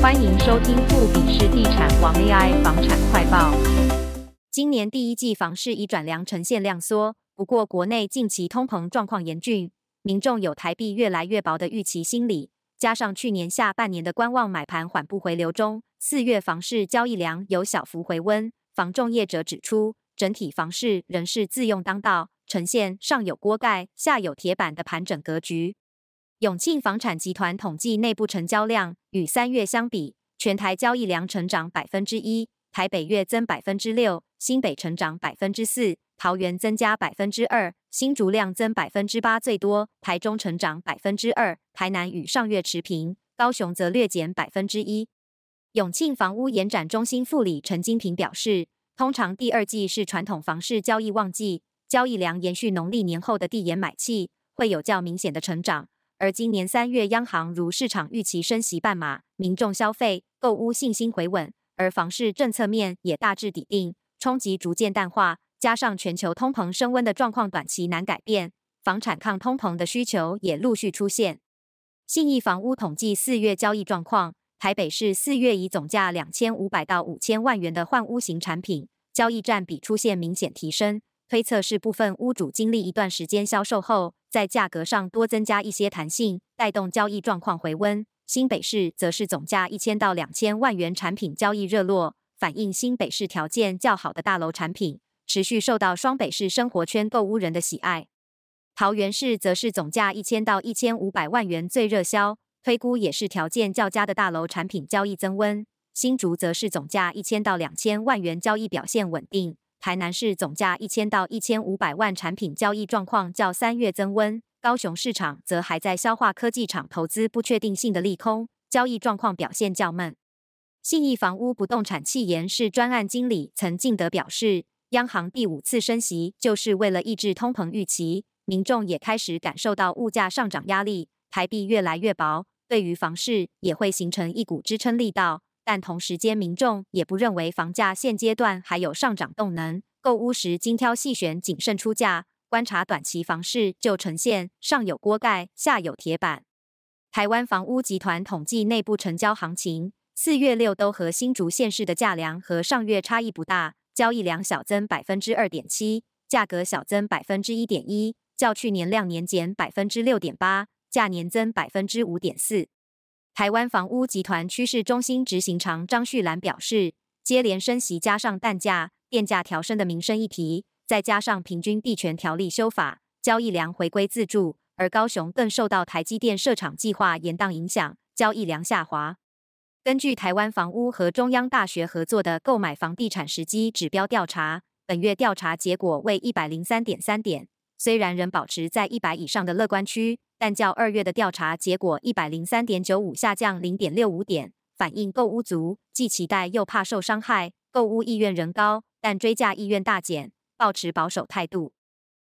歡迎收聽富比士地產王 AI 房產快報。今年第一季房市移轉量呈現量縮。不過，國內近期通膨狀況嚴峻，民眾有台幣越來越薄的預期心理。加上去年下半年的觀望買盤緩步回流中，四月房市交易量有小幅回溫。房仲業者指出，整體房市仍是自用當道，呈現上有鍋蓋、下有鐵板的盤整格局。永慶房產集團統計內部成交量，與三月相比，全台交易量成長百分之一，台北月增百分之六，新北成長百分之四，桃園增加百分之二，新竹量增百分之八最多，台中成長百分之二，台南與上月持平，高雄則略減百分之一。永慶房屋延展中心副理陳金平表示，通常第二季是傳統房市交易旺季，交易量延續農曆年後的遞延買氣，會有較明顯的成長。而今年三月，央行如市場預期升息半碼，民眾消費、購屋信心回穩，而房市政策面也大致底定，衝擊逐漸淡化。加上全球通膨升溫的狀況短期難改變，房產抗通膨的需求也陸續出現。信義房屋統計四月交易狀況，台北市四月以總價兩千五百到五千萬元的換屋型產品交易占比出現明顯提升。推測是部分屋主經歷一段時間銷售後，在價格上多增加一些彈性，帶動交易狀況回溫。新北市則是總價一千到兩千萬元產品交易熱絡，反映新北市條件較好的大樓產品持續受到雙北市生活圈購屋人的喜愛。桃園市則是總價一千到一千五百萬元最熱銷，推估也是條件較佳的大樓產品交易增溫。新竹則是總價一千到兩千萬元交易表現穩定。台南市總價一千到一千五百萬產品交易狀況較三月增溫，高雄市場則還在消化科技廠投資不確定性的利空，交易狀況表現較悶。信義房屋不動產企研室專案經理曾敬德表示，央行第五次升息就是為了抑制通膨預期，民眾也開始感受到物價上漲壓力，台幣越來越薄，對於房市也會形成一股支撐力道。但同時間，民眾也不認為房價現階段還有上漲動能，購屋時精挑細選、謹慎出價，觀察短期房市就呈現上有鍋蓋、下有鐵板。台灣房屋集團統計內部成交行情，四月六都和新竹縣市的價量和上月差異不大，交易量小增百分之二點七，價格小增百分之一點一，較去年量年減百分之六點八，價年增百分之五點四。台灣房屋集團趨勢中心執行長張旭嵐表示，接連升息加上蛋價、電價調升的民生議題，再加上平均地權條例修法，交易量回歸自住；而高雄更受到台積電設廠計劃延宕影響，交易量下滑。根據台灣房屋和中央大學合作的購買房地產時機指標調查，本月調查結果為一百零三點三點，雖然仍保持在一百以上的樂觀區。但較二月的調查結果一百零三點九五，下降零點六五點，反映購屋族既期待又怕受傷害，購屋意願，仍高，但追價意願大減，抱持保守態度。